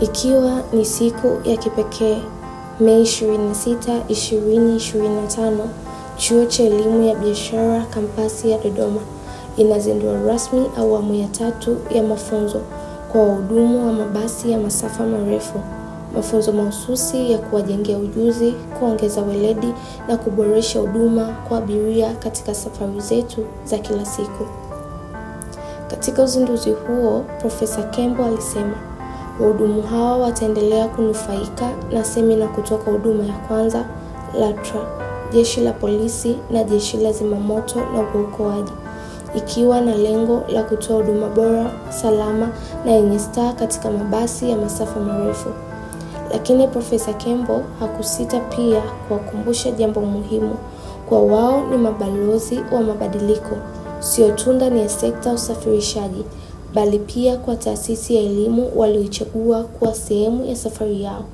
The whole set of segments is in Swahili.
ikiwa ni siku ya kipekee Mei 26, 2025, Chuo cha Elimu ya Biashara kampasi ya Dodoma inazindua rasmi awamu ya tatu ya mafunzo kwa wahudumu wa mabasi ya masafa marefu, mafunzo mahususi ya kuwajengea ujuzi, kuongeza weledi na kuboresha huduma kwa abiria katika safari zetu za kila siku. Katika uzinduzi huo, Profesa Kembo alisema Wahudumu hawa wataendelea kunufaika na semina kutoka huduma ya kwanza, LATRA, jeshi la polisi na jeshi la zimamoto na uokoaji, ikiwa na lengo la kutoa huduma bora, salama na yenye staa katika mabasi ya masafa marefu. Lakini Profesa Kembo hakusita pia kuwakumbusha jambo muhimu, kwa wao ni mabalozi wa mabadiliko, sio tu ndani ya sekta ya usafirishaji bali pia kwa taasisi ya elimu walioichagua kuwa sehemu ya safari yao.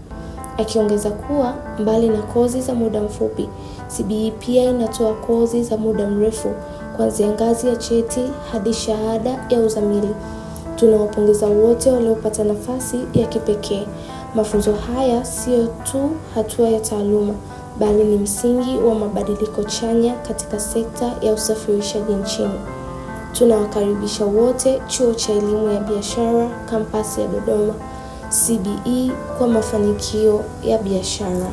Akiongeza kuwa mbali na kozi za muda mfupi, CBE pia inatoa kozi za muda mrefu kuanzia ngazi ya cheti hadi shahada ya uzamili. Tunawapongeza wote waliopata nafasi ya kipekee. Mafunzo haya siyo tu hatua ya taaluma, bali ni msingi wa mabadiliko chanya katika sekta ya usafirishaji nchini. Tunawakaribisha wote Chuo cha Elimu ya Biashara kampasi ya Dodoma CBE kwa mafanikio ya biashara.